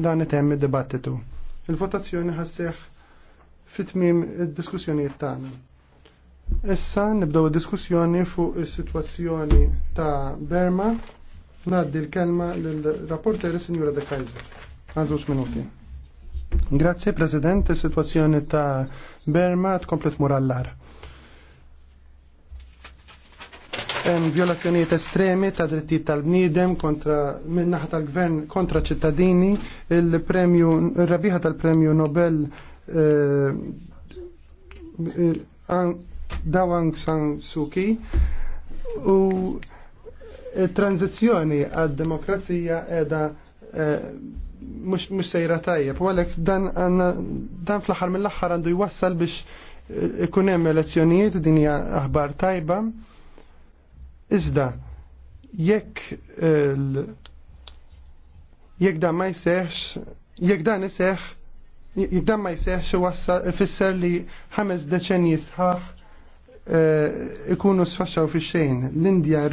dan item id-dibattitu. Il-votazzjoni ħasseħ fit-tmim id-diskussjonijiet tagħna. Issa nibdew id-diskussjoni fuq is-sitwazzjoni ta' Berma. Naddi l-kelma lill rapporteri Sinjura De Kaiser. Għażux minuti. Grazie President, is-sitwazzjoni ta' Berma tkomplet murallar. hemm vjolazzjonijiet estremi ta' drittijiet tal-bniedem kontra minnaħa tal-gvern kontra ċittadini, il-premju rabiħa tal-premju Nobel eh, eh, Dawang San Suu Kyi u eh, tranzizjoni għad-demokrazija edha mux sejra tajjeb. U għalek dan fl aħħar mill aħħar għandu jwassal biex ikun hemm elezzjonijiet din hija aħbar tajba Iżda, jekk eh, jekk dan ma jseħx, jekk dan iseħħ, jekk dan ma jseħx wassal ifisser li ħames deċenji sħaħ eh, ikunu sfaxxaw fi xejn. L-Indja,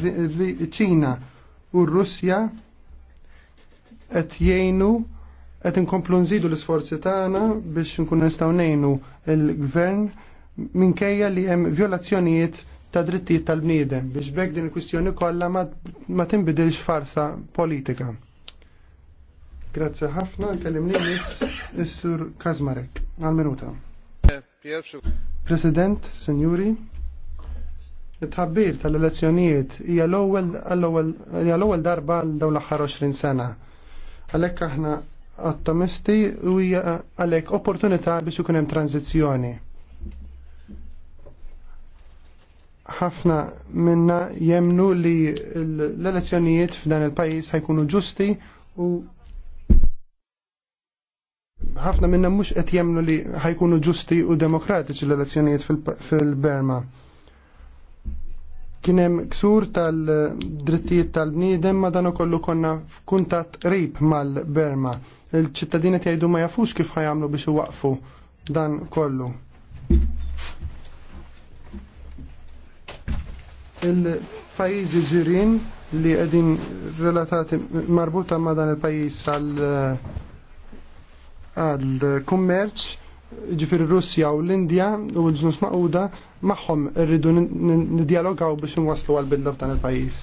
ċina u r-Russja qed jgħinu qed inkomplu nżidu l-isforzi tagħna biex nkunu nistgħu ngħinu l-gvern minkejja li hemm violazzjonijiet ta' drittijiet tal-bniedem biex bekk din il-kwistjoni kollha ma tinbidilx farsa politika. Grazzi ħafna, kellimni nis is-sur Kazmarek għal-minuta. President, Senjuri, it-tħabbir tal-elezzjonijiet hija l-ewwel darba għal dawn l-aħħar 20 sena. Għalhekk aħna ottimisti u hija għalhekk opportunità biex ikun hemm tranzizzjoni. ħafna minna jemnu li l-elezzjonijiet f'dan il-pajis ħajkunu ġusti u ħafna minna mux qed jemnu li ħajkunu ġusti u demokratiċi l-elezzjonijiet fil-Berma. Kienem ksur tal-drittijiet tal-bniedem ma dan ukollu konna f'kuntat qrib mal-Berma. Il-ċittadini jgħidu ma jafux kif ħajamlu biex iwaqfu dan kollu. il-pajizi ġirin li għedin relatati marbuta ma dan il-pajis għal-kummerċ, ġifir Russja u l-Indja u l-ġnus maquda maħħom rridu n-dialogaw biex n-waslu għal-bidla f'dan il-pajis.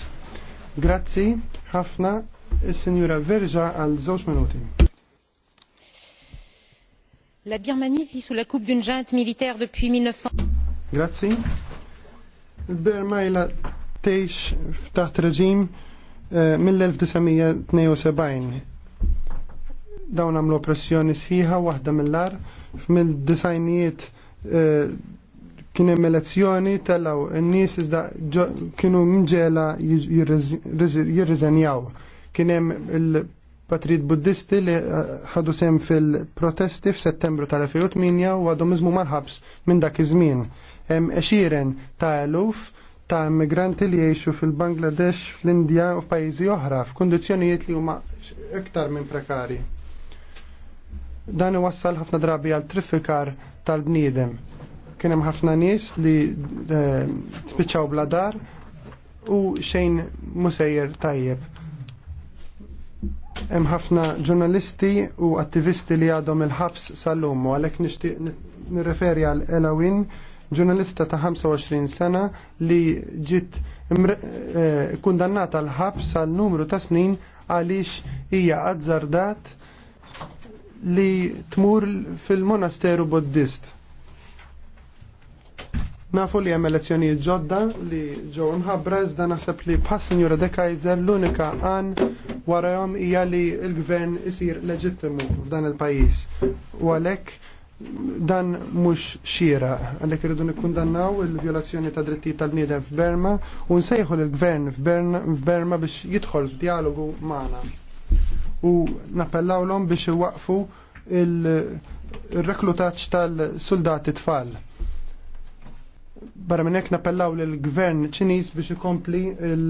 Grazzi, ħafna, il senjura Verġa għal żewġ minuti. La Birmanie vit sous la coupe d'une junte militaire depuis 1900. Grazie. Berma ila tgħix f'taħt reġim eh, mill-1972. Dawn għamlu oppressjoni sħiħa waħda mill-ar mill-disajnijiet eh, kien hemm elezzjoni tellgħu n-nies iżda kienu mġela jirriżenjaw. Kien hemm patrid buddisti li eh, ħadu sem fil-protesti f'Settembru tal-2008 u għadhom iżmu mal-ħabs minn dak iż-żmien. Hemm exieren ta' eluf ta' immigranti li jgħixu fil-Bangladesh, fl-Indja u f'pajjiżi oħra f'kundizzjonijiet li huma iktar minn prekari. Dan iwassal ħafna drabi għal triffikar tal-bniedem. Kien hemm ħafna nies li eh, spiċċaw bladar u xejn musejjer tajjeb Hemm ħafna ġurnalisti u attivisti li għadhom il-ħabs sal-lum u għalhekk nixtieq nirreferi għal Elawin, ġurnalista ta' 25 sena li ġiet eh, kundannata l ħabs għal numru ta' snin għaliex hija azzardat li tmur fil-monasteru Buddist Nafu li hemm elezzjonijiet ġodda li ġew imħabbra iżda naħseb li pa Sinjura De Kaiser l-unika għan warahom hija li l-gvern isir leġittimu f'dan il-pajjiż. U għalhekk dan mhux xira għalhekk irridu nikkundannaw il-vjolazzjoni ta' drittijiet tal-bniedem f'Berma u nsejħu l-gvern f'Berma biex jidħol f'dialogu magħna. U nappellawlhom biex iwaqfu il-reklutaċ tal-soldati tfal barra minn hekk nappellaw lill gvern Ċiniż biex ikompli il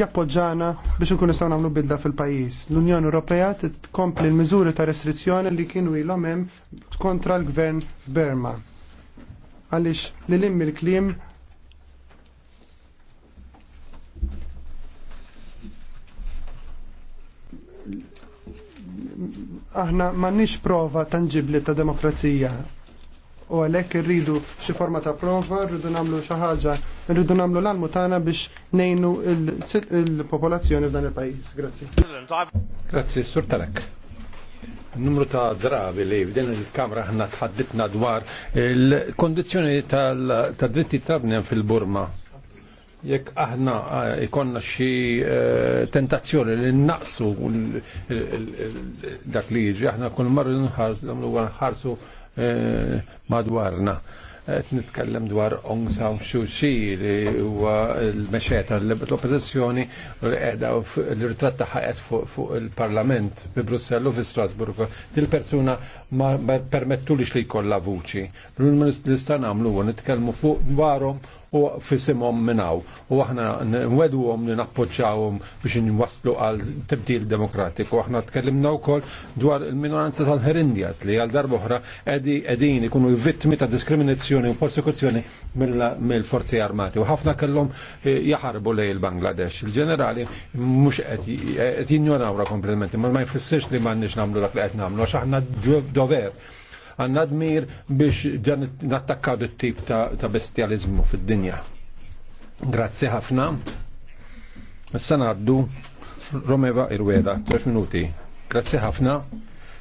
jappoġġana biex nkun nistgħu nagħmlu bidla fil-pajjiż. L-Unjoni Ewropea tkompli l-miżuri ta' restrizzjoni li kienu ilhom hemm kontra l-gvern Berma. Għaliex li limmi l-kliem aħna m'għandniex prova tanġibli ta' demokrazija u għalek rridu xi forma ta' prova, rridu namlu xaħġa, rridu namlu l-almu tana biex nejnu il popolazzjoni f'dan il pajis Grazie. Grazie, Sur talek. Numru ta' drabi li f'din il-kamra ħna tħadditna dwar il-kondizjoni ta' dritti tal fil-Burma jekk aħna eh, ikonna xi eh, tentazzjoni li naqsu dak li jiġi aħna kull marru nħarsu Eh, madwarna qed nitkellem dwar Aung San Suu Kyi li huwa l-mexeta l-oppożizzjoni oppozizjoni qiegħda l-ritratt tagħha qed fuq il-Parlament bi Brussell u fi Strasburg. Dil-persuna ma permettulix li jkollha vuċi. L-istan għamlu nitkellmu fuq dwarhom u fissimhom minnaw. U aħna nwedwhom li nappoġġawhom biex nwaslu għal tibdil demokratiku. Aħna tkellimna wkoll dwar il-minoranza tal-Herindjas li għal darba oħra qegħdin ikunu vittmi ta' diskriminazzjoni u persekuzzjoni mill-forzi armati. U ħafna kellhom eh, jaħarbu lej il-Bangladesh. Il-ġenerali mhux qed jinjorawra kompletament, ma jfissirx li m'għandniex nagħmlu dak li qed nagħmlu għax aħna dover għanna dmir biex dan nattakkaw it-tip ta' bestializmu fid-dinja. Grazzi ħafna. Issa ngħaddu Romeva Irweda, 3 minuti. Grazzi ħafna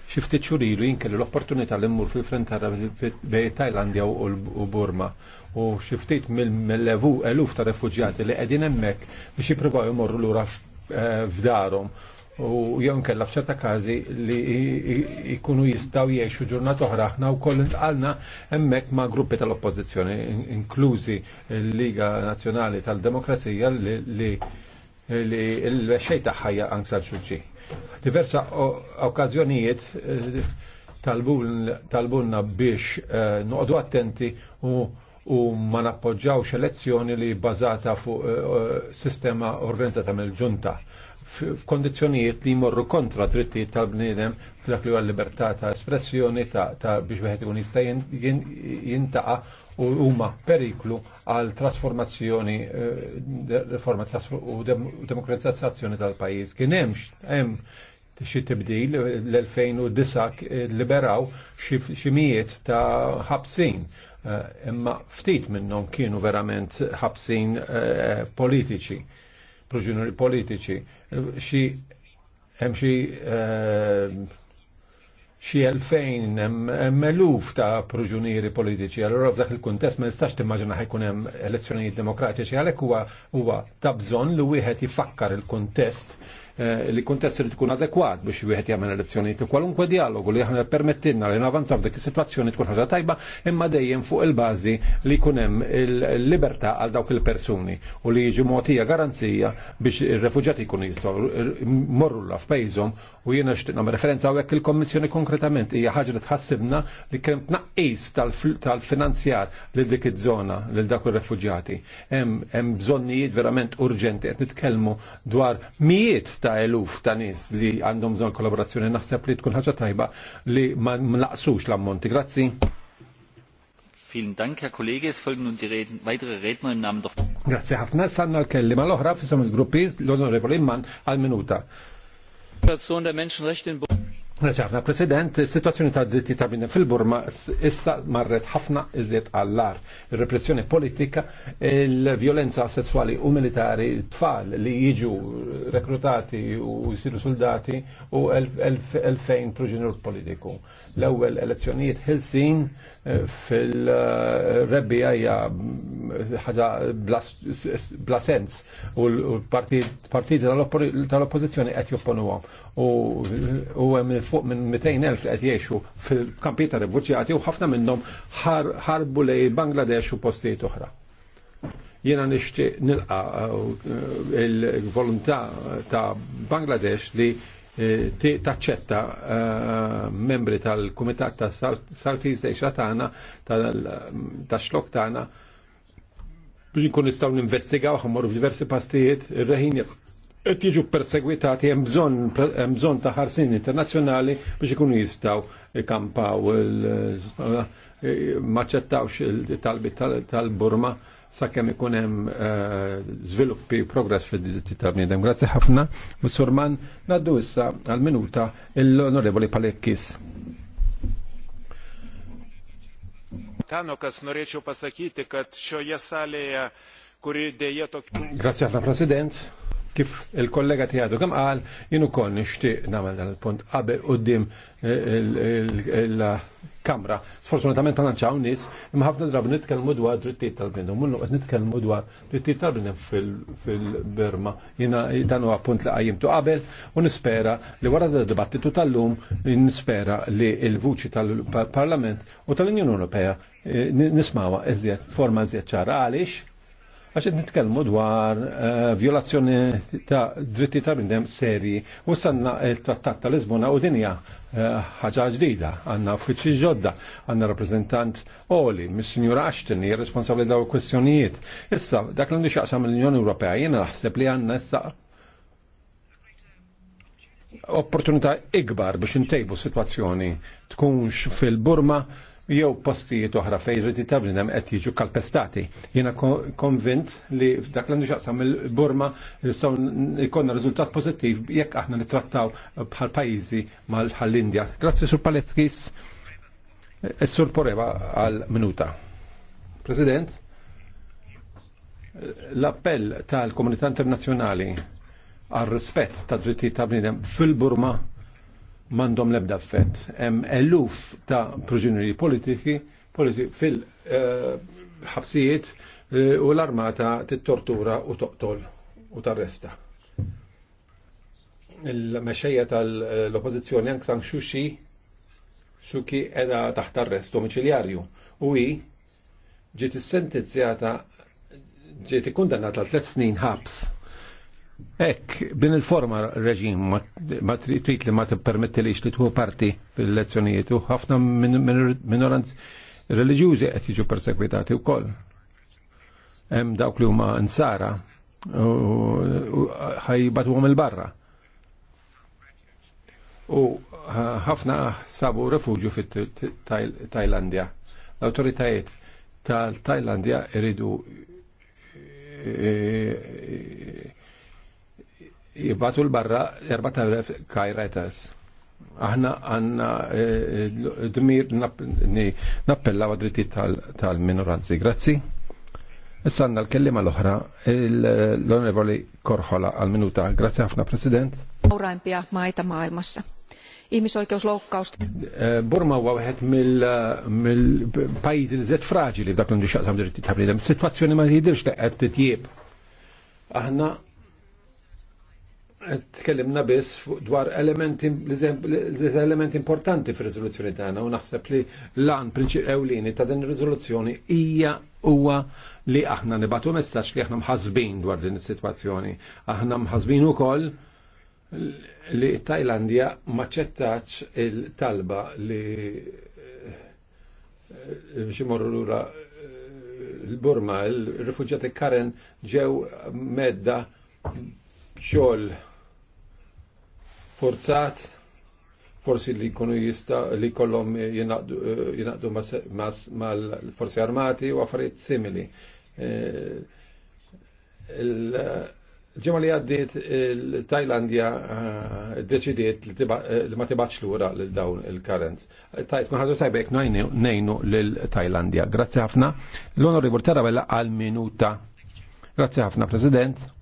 xifti ċurilu jinkel l-opportunità li mmur fil-frentara bej Tajlandja u Burma u xiftit mill-levu eluf ta' refugjati li qegħdin hemmhekk biex jippruvaw jmorru lura eh, f'darhom u jom kella f'ċerta każi li jkunu jistgħu jgħixu ġurnat oħra u koll għalna hemmhekk ma' gruppi tal-oppożizzjoni inklużi l-Liga Nazzjonali tal-Demokrazija li l-xej taħħajja għanksa San Suu Kyi. Diversa okkażjonijiet eh, talbunna biex eh, noqdu attenti u u ma nappoġġawx elezzjoni li bbażata fuq eh, sistema organizzata mill-ġunta f'kondizzjonijiet li jmorru kontra drittijiet tal-bniedem f'dak li huwa libertà ta' espressjoni ta' biex wieħed ikun jista' jintaqa' u huma periklu għal trasformazzjoni eh, riforma u demokratizzazzjoni tal-pajjiż. Kien hemm hemm xi tibdil l-2009 liberaw xi mijiet ta' ħabsin eh, imma ftit minnhom kienu verament ħabsin eh, politiċi proġunuri politiċi. xie hemm xi eh, xi elfejn hemm eluf ta' proġunieri politiċi. allora f'dak il kontest ma nistax timmaġina ħajkun hemm elezzjonijiet demokratiċi għalhekk huwa huwa ta' bżonn li wieħed jifakkar il-kuntest Eh, li kuntess li tkun adekwat biex wieħed jagħmel elezzjonijiet u kwalunkwe dialogu li aħna permettilna li navanza f'dik is-sitwazzjoni tkun ħaġa tajba imma dejjem fuq il-bażi li jkun hemm il-libertà għal dawk il-persuni u li jiġu mogħtija garanzija biex ir-refuġjati jkunu jistgħu morru la f'pejżhom u jiena xtiqna referenza hawnhekk il-Kommissjoni konkretament hija ħaġa li tħassibna li kemm tnaqqis tal-finanzjar lil dik iż-żona lil dak ir-refuġjati. Hemm bżonnijiet verament urġenti qed nitkellmu dwar mijiet ta' eluf ta' nis li għandhom bżon kollaborazzjoni naħseb li tkun ħaġa tajba li ma naqsux l-ammonti. Grazzi. Vielen Dank, Herr Kollege. Es folgen nun die Reden, weitere Redner im Namen der... Grazie ħafna, sanna l-kellima l-oħra fissam il-gruppiz l-onorevoli Mann għal-minuta. Situation der Menschenrechte in Għafna, President, situazzjoni ta' dritti ta' bina fil-Burma issa marret ħafna iżiet għallar. Repressjoni politika, il-violenza sessuali u militari, tfal li jiġu rekrutati u jisiru soldati u 2000 proġenur politiku. l ewel elezzjonijiet ħilsin eh, fil rebbi għajja eh, ħaġa blasens u l-partiti tal oppozizjoni għet jopponu U hemm fuq minn 200.000 li qed jgħixu fil kampita ta' rifuġjati u ħafna minnhom ħarbu lej Bangladesh u postijiet oħra. Jiena nixtieq nilqa uh, il-volontà ta' Bangladesh li eh, taċċetta eh, membri tal-Kumitat ta' Southeast Asia tagħna tax-xlok tagħna biex nkun nistgħu ninvestigaw ħammor f'diversi pastijiet ir-reħin tiġu perseguitati, hemm bżonn ta' ħarsin internazzjonali biex ikunu jistgħu kampaw eh, maċċettawx il-talbi tal-Burma sakemm ikun hemm eh, żviluppi progress fid-diritti tal-bniedem. Grazzi ħafna, Musurman. Naddu issa għal-minuta l-Onorevoli Palekkis. Tano, kas norėčiau pasakyti, kad šioje salėje, kuri dėja tokia. Grazie, President. Kif il-kollega tijadu kemm qal jien ukoll nixtieq nagħmel dal punt qabel quddiem eh, il-Kamra. Sfortunatament ma nantxaw nies, imma ħafna drab nitkellmu dwar drittijiet tal-bnedem. Mullu qed nitkellmu dwar drittijiet tal-bnedem fil-Birma. jina dan huwa li għajimtu qabel u nispera li wara d-dibattitu tal-lum nispera li l-vuċi tal-Parlament u tal-Unjoni Ewropea eh, nismawa forma eżjed ċara għaliex għax nitkellmu dwar eh, violazzjoni ta' dritti ta' bindem seri u sanna il-trattat ta' Lisbona u dinja eh, ħaġa ġdida, għanna uffiċi ġodda, għanna rappresentant oli, mis signora Ashton, hija responsabli daw kwestjonijiet. Issa, dak l-għandu xaqsam l-Unjoni Ewropea, jiena naħseb li għanna issa opportunità ikbar biex intejbu situazzjoni tkunx fil-Burma jew postijiet oħra fejn rriti tablinam qed jiġu kalpestati. Jiena konvint li dak l-għandu xaqsam mill burma nistgħu jkollna riżultat pożittiv jekk aħna nittrattaw bħal pajjiżi mal-Indja. Grazzi sur Paleckis. Eh, sur Poreva għal minuta. President, l-appell tal-komunità internazzjonali għal rispett tad dritti ta' Bniedem fil-Burma mandom lebda fett. Hemm eluf ta' proġuneri politiki fil-ħabsijiet eh, eh, u l-armata tittortura u toqtol u tarresta. Il-mexxejja tal-oppożizzjoni Aung San xuxi xuki edha taħt arrest domiciliarju u hi ġiet issentenzjata ġiet ikkundannata għal tliet snin ħabs Ek, bin il-forma reġim ma trit li ma t-permetti li jixtitu parti fil-elezzjonijiet u ħafna minoranz religjużi qed jiġu persekwitati wkoll. Hemm dawk li huma nsara u ħajbatuhom il-barra. U ħafna sabu refugju fit-Tajlandja. L-autoritajiet tal-Tajlandja iridu e, e, jibbatu l-barra 4.000 kajretas. Aħna għanna d eh, eh, dmir nappella għadriti tal-minoranzi. Grazzi. Sanna l-kellima l-oħra, l-onorevoli Korħola għal-minuta. Grazzi għafna, President. Urajmpia maita maailmassa ihmisoikeusloukkausta. Eh, Burma huwa wieħed mill-pajjiżi li żed fraġili f'dak l undi xaqsam dritti ta' bniedem. Sitwazzjoni ma jidhirx li qed titjieb. Aħna tkellimna biss dwar elementi l elementi importanti fir-riżoluzzjoni tagħna u naħseb li l-an prinċip ewlieni ta' din ir-riżoluzzjoni hija huwa li aħna nibatu messaġġ li aħna mħasbin dwar din is-sitwazzjoni. Aħna mħasbin ukoll li Tajlandja maċċettax il-talba li eh, biex imorru lura eh, l-Burma, il-rifuġjati Karen ġew medda xol forzat forsi li kunu jista li kollom jinaqdu mal-forsi armati u għafariet simili. Eh, Ġemma li għaddit il-Tajlandja eh, deċidiet li eh, ma tibax l-ura l dawn il karent Tajt maħadu tajbek nejnu l-Tajlandja. Grazie ħafna. L-Onorevol Tarabella għal-minuta. Grazzi ħafna, President.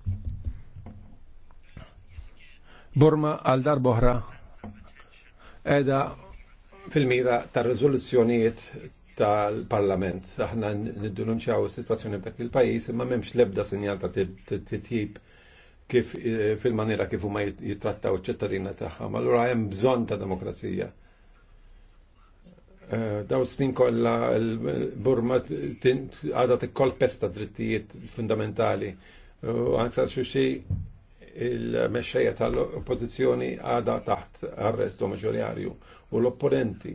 Burma għal darboħra edha fil-mira ta' rizoluzzjonijiet tal-parlament. Aħna niddununċaw situazzjoni ta' il-pajis, ma memx lebda sinjal ta' tip kif eh, fil-maniera kif huma jittrattaw ċittadina tagħhom. Allura hemm bżonn ta' demokrazija. Eh, daw snin kolla l-Burma għadha pesta drittijiet fundamentali. Għanksa Xuxi il-mexxejja tal-oppożizzjoni għada taħt arrest domiciliarju u l-opponenti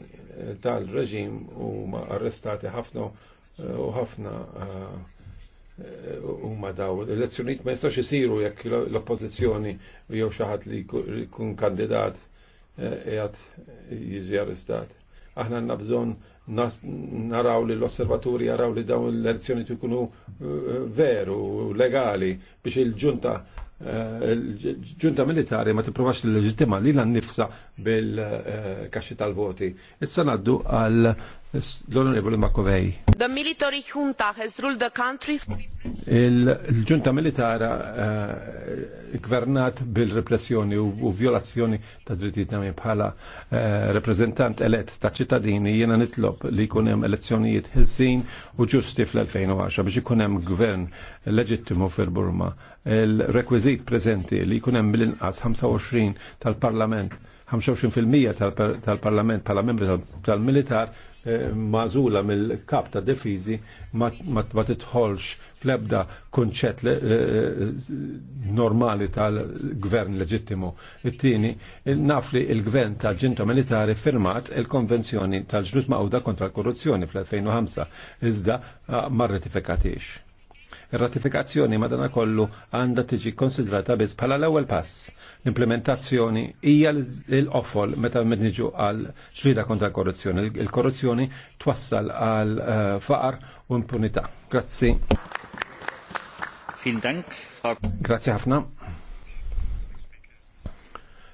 tal-reġim huma arrestati ħafna eh, u ħafna eh, eh, huma daw l-elezzjonijiet ma jistax isiru jekk l-oppożizzjoni jew xi ħadd li jkun kandidat qiegħed jiġi arrestat. Aħna għandna bżonn naraw li l-osservaturi jaraw li dawn l-elezzjoni tkunu veru, legali, biex il-ġunta ġunta militari ma tipprovax l-leġittima li l-nifsa bil eh, kaxi tal-voti. Issa naddu għal The military junta has ruled the country. Il-ġunta militara eh, gvernat bil-repressjoni u violazzjoni ta' drittijiet nami bħala eh, reprezentant elett ta' ċittadini jiena nitlob li jkun hemm elezzjonijiet ħilsin u ġusti fl-2010 biex ikun hemm gvern leġittimu fil-Burma. Il-rekwizit preżenti li jkun hemm mill-inqas 25 tal-Parlament 25% tal-Parlament bħala membri tal-Militar Eh, mażula mill-kap ta' defizi ma titħolx flebda konċett eh, eh, normali tal-gvern leġittimu. It-tieni, nafli il-gvern tal-ġinta militari firmat il-konvenzjoni tal ġlus ma'għuda kontra l-korruzzjoni fl-2005, iżda ah, ma ratifikatiex. Ir-ratifikazzjoni madanakollu għandha tiġi konsidrata biss bħala l-ewwel pass. L-implementazzjoni hija l-offol meta niġu għal ġrida kontra korruzzjoni Il-korruzzjoni twassal għal eh, faqar u impunità. Grazzi. Fin Dank. Grazie ħafna.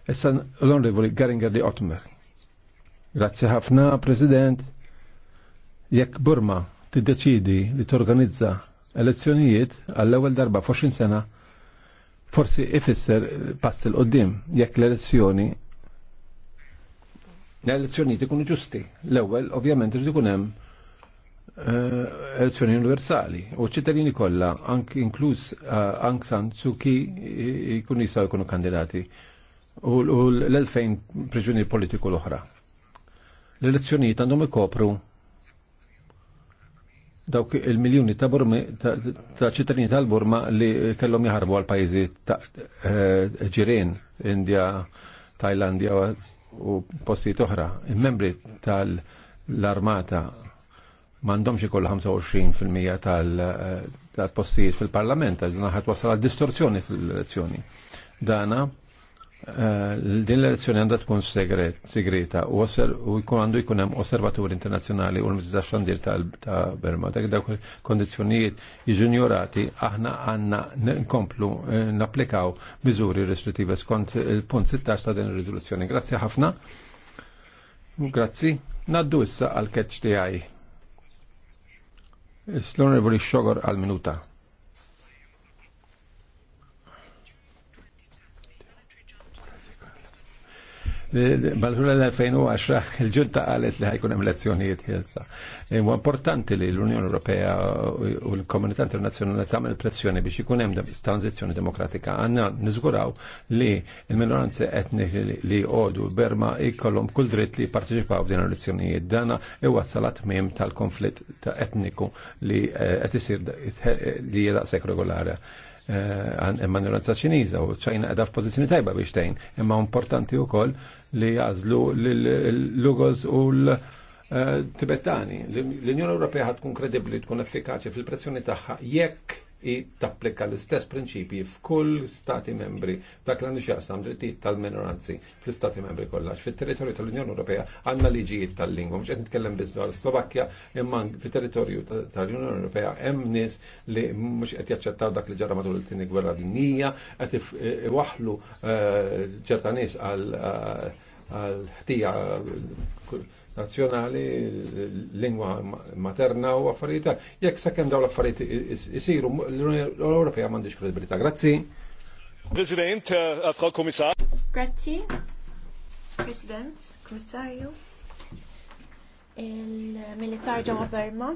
Essan l-Onorevoli Garinger di Ottmer. Grazzi ħafna, President. Jekk Burma t-deċidi li torganizza elezzjonijiet għall-ewwel darba f'oxrin sena forsi ifisser pass il qoddim jekk l-elezzjoni l-elezzjonijiet ikunu ġusti. L-ewwel ovvjament irid ikun hemm eh, elezzjoni universali u ċittadini kollha anke inkluż eh, Aung San Suu Kyi jkun jistgħu jkunu kandidati u l elfejn priġunier politiku l-oħra. L-elezzjonijiet għandhom ikopru dawk il-miljoni ta' Burma ta' ċittadini tal-Burma li kellhom jaħarbu għal pajjiżi ta' eh, ġirien India, Tajlandja u postijiet oħra. Il-membri tal-armata m'għandhomx ikollu 25% eh, tal-postijiet fil-parlament, għal naħat wasal għal distorsjoni fil-elezzjoni. Dana Eh, din l-elezzjoni għandha tkun segreta u jkun għandu jkun hemm osservaturi internazzjonali u l-mizza xandir ta' Berma. Dak dawk kondizzjonijiet iġunjorati aħna għandna nkomplu eh, napplikaw miżuri restrittive skont il-punt 16 ta' din ir-riżoluzzjoni. Grazzi ħafna. Grazzi. Naddu issa għal-catch tiegħi. L-Onorevoli Xogor għal-minuta. Mal-ħura l-2010 il-ġunta qalet li ħajkun hemm lezzjonijiet ħilsa. Huwa importanti li l-Unjoni Ewropea u l-Komunità Internazzjonali tagħmel pressjoni biex ikun hemm tranzizzjoni demokratika. Għandna niżguraw li l-minoranzi etniki li għodu Berma jkollhom kull dritt li jipparteċipaw f'din l-elezzjonijiet. Dana iwassal tmiem tal-konflitt etniku li eh, qed isir li jedaqsek regolari Eh, imma minoranza ċiniża u ċajna qiegħda f'pożizzjoni tajba biex tgħin, imma importanti wkoll li jażlu l-lugos u l eh, Tibetani. L-Unjoni Ewropea ħad tkun kredibbli tkun effikaċi fil-pressjoni tagħha jekk i tapplika l-istess prinċipji f'kull stati membri dak l-għandu xjaqsam drittijiet tal-minoranzi fl-stati membri kollax. Fit-territorju tal-Unjoni Ewropea għandna liġijiet tal-lingwa, mux qed nitkellem biss għal Slovakkja, imma fit-territorju tal-Unjoni Ewropea hemm nies li mhux qed jaċċettaw dak li ġara matul it-tieni gwerra dinija, qed iwaħħlu eh, ċerta nies għal eh, ħtija nazzjonali, lingwa materna u affarijiet. Jekk sakemm daw l-affarijiet isiru, l-Unjoni Ewropea m'għandix kredibilità. Grazzi. President, eh, Frau Kommissar. Grazzi. President, Kommissarju. Il-militar ġama Berma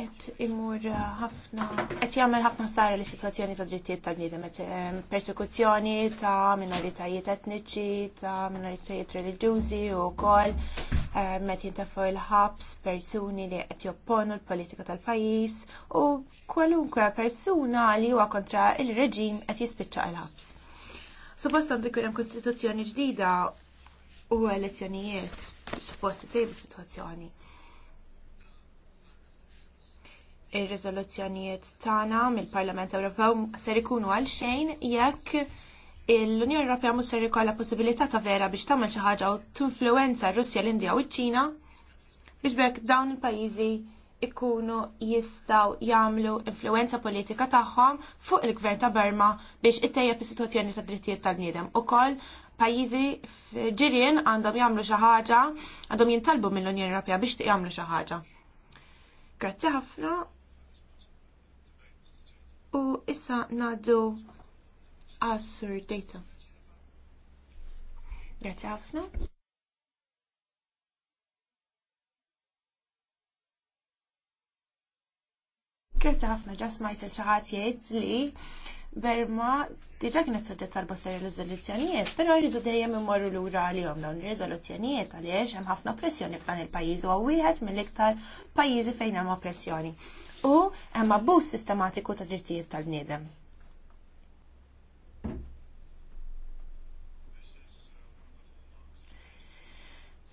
qed imur ħafna qed jagħmel ħafna sara li sitwazzjoni ta' drittijiet tal-bniedem et persekuzzjoni ta' minoritajiet etniċi, ta' minoritajiet reliġjużi u wkoll meta jintafu l-ħabs persuni li qed jopponu l-politika tal-pajjiż u kwalunkwe persuna li huwa kontra il-reġim qed jispiċċa l-ħabs. Suppost għandu hemm kostituzzjoni ġdida u elezzjonijiet suppost tejbu situazzjoni ir-riżoluzzjonijiet tagħna mill-Parlament Ewropew ser ikunu għal xejn jekk l-Unjoni Ewropea mhux ser ikollha possibilità ta' vera biex tagħmel xi ħaġa u tinfluwenza r-Russja, l-Indja u ċ-Ċina biex bekk dawn il-pajjiżi ikunu jistgħu jagħmlu influwenza politika tagħhom fuq il-Gvern ta' Burma biex ittejjeb is-sitwazzjoni tad drittijiet tal-bniedem. Ukoll pajjiżi ġirien għandhom jagħmlu xi ħaġa, għandhom jintalbu mill-Unjoni Ewropea biex jagħmlu xi ħaġa. Grazzi ħafna. U issa naddu għas-sur data. Grazie Kirti ħafna ġas smajt il ċaħat jgħid li Berma diġa kienet soġġett tal bosta riżoluzzjonijiet, però rridu dejjem imorru lura għalihom dawn ir-riżoluzzjonijiet għaliex hemm ħafna pressjoni f'dan il-pajjiż huwa wieħed mill-iktar pajjiżi fejn hemm pressjoni. U hemm abbuż sistematiku ta' drittijiet tal-bniedem.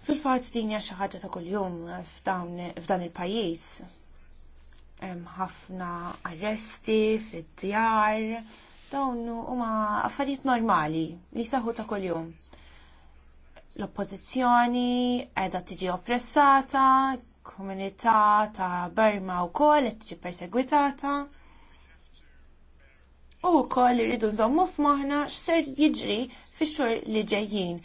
Fil-fatt din hija xi ħaġa ta' kuljum f'dan il-pajjiż ħafna arresti fid-djar, dawn huma affarijiet normali li saħu ta' kuljum. L-oppożizzjoni qiegħda tiġi oppressata, komunità ta' Burma wkoll qed tiġi persegwitata. U wkoll irridu nżommu f'moħħna x'ser jiġri fix-xhur li ġejjin.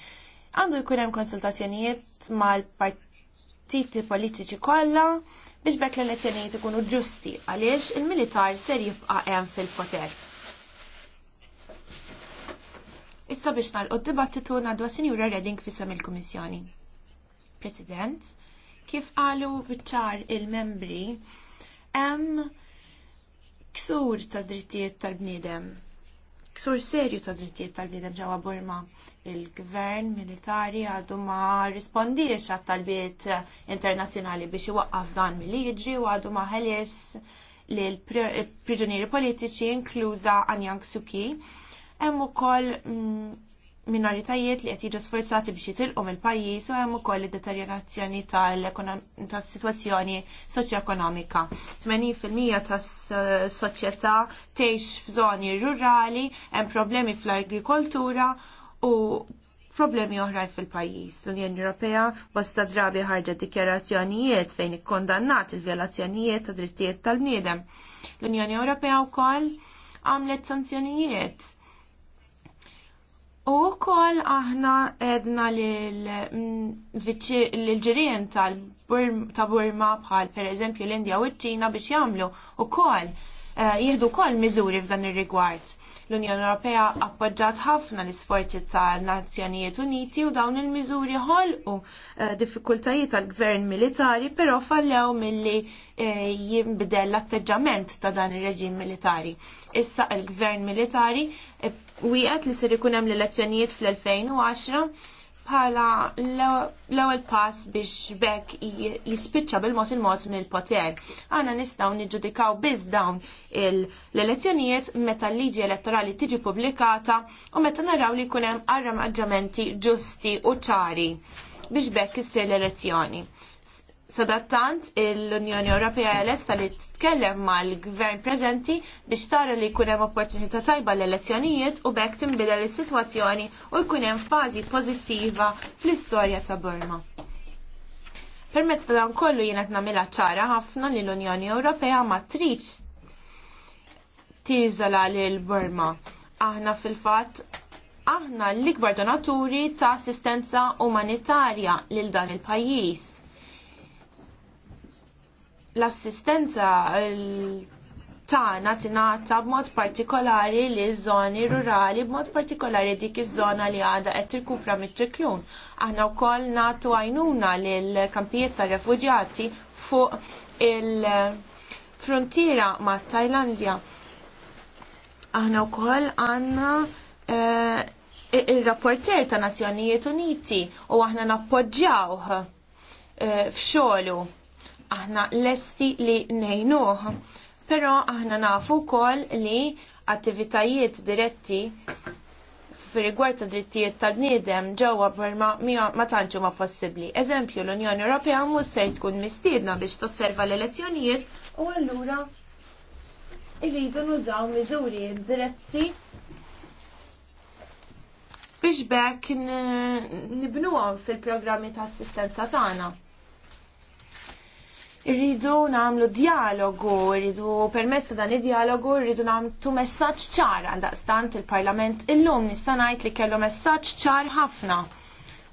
Għandu jkun hemm konsultazzjonijiet mal-partiti politiċi kollha, biex bekk l-elezzjonijiet ikunu ġusti għaliex il-militar ser jibqa' hemm fil-poter. Issa biex d dibattitu nadwa Sinjura Redding fisem il-Kummissjoni. President, kif qalu biċċar il-membri hemm ksur tad-drittijiet tal-bniedem ksur serju ta' drittijiet tal bidem ġewwa Burma. Il-gvern militari għadu ma rispondiex għat talbiet internazzjonali biex iwaqqaf dan milli liġi u għadu ma ħeljes li l-priġunieri politiċi inkluża Aung San Hemm ukoll mm, minoritajiet li qed jiġu sforzati biex jitilqu mill-pajjiż u hemm ukoll id-deterjorazzjoni tas-sitwazzjoni soċjoekonomika. 80% tas-soċjetà tgħix f'żoni rurali, hemm problemi fl-agrikoltura u problemi oħrajn fil-pajjiż. L-Unjoni Ewropea bosta drabi ħarġet dikjarazzjonijiet fejn ikkondannat il-vjolazzjonijiet ta' drittijiet tal-bniedem. L-Unjoni Ewropea wkoll għamlet sanzjonijiet U kol aħna edna l-ġirien mm, tal Burma bħal per eżempju l-Indja u ċ-Ċina biex jamlu u kol Eh, jieħdu kol miżuri f'dan ir-rigward. L-Unjoni Ewropea appoġġat ħafna l-isforzi tal-Nazzjonijiet Uniti u dawn il-miżuri ħolqu eh, diffikultajiet tal-gvern militari però fallew milli eh, jinbidel l-atteġġament ta' dan ir-reġim militari. Issa l-gvern militari wieqed li ser ikun hemm l-elezzjonijiet fl-2010 bħala l-ewwel pass biex bekk jispiċċa bil-mod il-mod mill-poter. Għana nistgħu niġġudikaw biss dawn l-elezzjonijiet meta l-liġi elettorali tiġi pubblikata u meta naraw li jkun hemm arramaġġamenti ġusti u ċari biex bekk issir l-elezzjoni. Sadattant l-Unjoni Ewropea l-esta li titkellem mal-gvern preżenti biex tara li jkun hemm opportunità tajba l-elezzjonijiet u bekk tinbidel is-sitwazzjoni u jkun hemm fażi pożittiva fl-istorja ta' Burma. Permezz ta' dan kollu jiena nagħmilha ċara ħafna li l-Unjoni Ewropea ma triċ tiżola lil Burma. Aħna fil-fatt aħna l-ikbar donaturi ta' assistenza umanitarja lil dan il-pajjiż l-assistenza tagħna tingħata b'mod partikolari li żoni rurali b'mod partikolari dik iż-żona li għadha qed tirkupra miċ-ċiklun. Aħna wkoll nagħtu għajnuna lil kampijiet ta' refuġjati fuq il-frontiera ma' Tajlandja. Aħna wkoll għandna eh, ir il-rapporter ta' Nazzjonijiet Uniti u aħna nappoġġjawh eh, f'xogħlu aħna lesti li nejnuħ, Pero aħna nafu kol li attivitajiet diretti fir-rigward ta' drittijiet tal-bniedem ġewwa Burma ma tantx huma possibbli. Eżempju, l-Unjoni Ewropea mhux se tkun mistiedna biex tosserva l-elezzjonijiet u allura irridu nużaw miżuri diretti biex bekk nibnuhom fil-programmi ta' assistenza tagħna irridu namlu dialogu, rridu permess dan id-dialogu, rridu namtu messaġġ ċar għal daqstant il-Parlament illum nista' ngħid li kellu messaġġ ċar ħafna.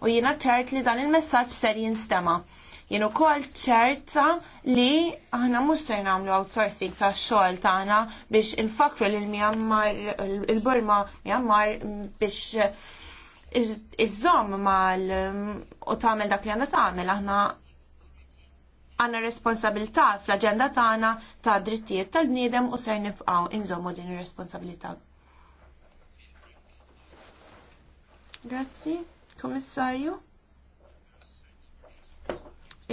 U jiena ċert li dan il-messaġġ ser jinstema' jien ukoll ċerta li aħna mhux se nagħmlu outsourcing tax-xogħol tagħna biex infakru lil Myanmar il-Burma Myanmar biex iżżomm mal u tagħmel dak li għandha tagħmel aħna għanna responsabilità fl-agenda tagħna ta' drittijiet tal-bniedem u ser nibqgħu inżommu din ir-responsabilità. Grazzi, Komissarju.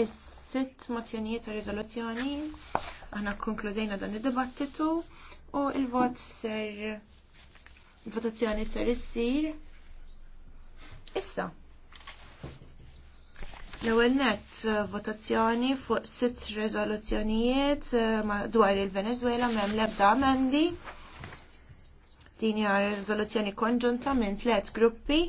Is-sitt mozzjonijiet ta' riżoluzzjoni aħna konkludejna dan id-dibattitu u il-vot ser votazzjoni ser issir issa. L-ewwel nett eh, votazzjoni fuq sitt rezoluzzjonijiet eh, dwar il-Venezuela m'hemm l-ebda amendi. Din hija riżoluzzjoni konġunta minn tliet gruppi.